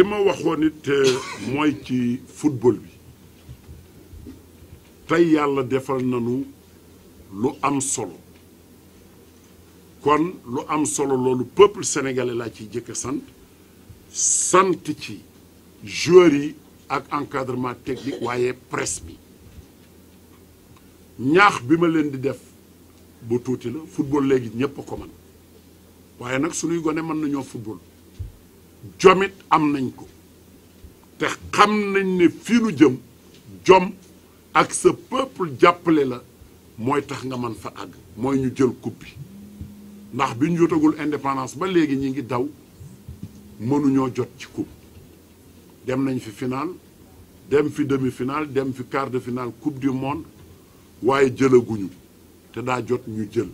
li ma waxoon it euh, mooy ci football bi tey yàlla defal nañu lu am solo kon lu am solo loolu peuple sénégalais laa ciy jëkk sant sant ci joueurs yi ak encadrement technique waaye presse bi ñaax bi ma leen di def bu tuuti la football léegi ñépp a ko mën waaye nag suñuy gone mën nañoo football jomit am nañ ko te xam nañ ne fii nu jëm jom ak sa peuple jàppale la mooy tax nga man fa àgg mooy ñu jël coupe bi ndax bi ñu jotagul indépendance ba léegi ñi ngi daw mënuñoo jot ci coupe dem nañ fi finale dem fi demi-finale dem fi quart de finale coupe du monde waaye jëlaguñu te daa jot ñu jël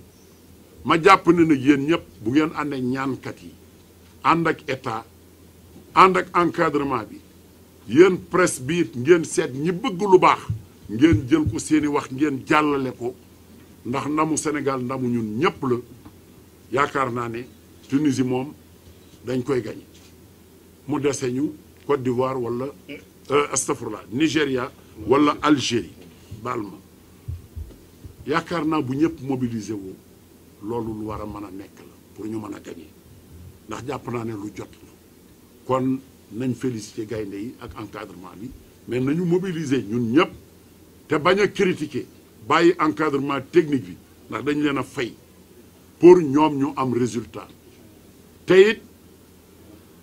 ma jàpp ne nag yéen ñëpp bu ngeen ànd ñaankat yi ànd ak état ànd ak encadrement bi yéen presse bi ngeen seet ñi bëgg lu baax ngeen jël ko seeni wax ngeen jàllale ko ndax ndamu Sénégal ndamu ñun ñépp la yaakaar naa ne Tunisie moom dañ koy gañ mu dese ñu Côte d'Ivoire wala euh, astafurla Nigéria wala Algérie baal ma yaakaar naa bu ñëpp mobilisé woo loolu lu war a mën a nekk la pour ñu mën a gañee ndax jàpp naa ne lu jot la kon nañ félicité gaynde yi ak encadrement bi mais nañu mobiliser ñun ñëpp te bañ a critiquer bàyyi encadrement technique bi ndax dañ leen a fay pour ñoom ñu am résultat te it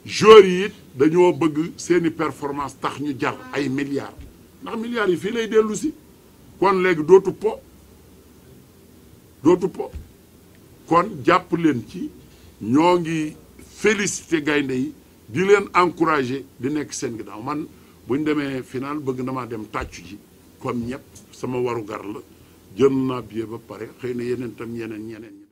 joueurs yi it dañoo bëgg seeni performance tax ñu jar ay milliards ndax milliards yi fii lay dellu si kon léegi dootu po dootu po kon jàpp leen ci ñoo ngi félicité gaynde yi di leen encouragé di nekk seen ginnaaw man bu ñu demee final bëgg damaa dem tàccu ji comme ñëpp sama warugar la jël naa billet ba pare xëy na yeneen tam yeneen ñeneen.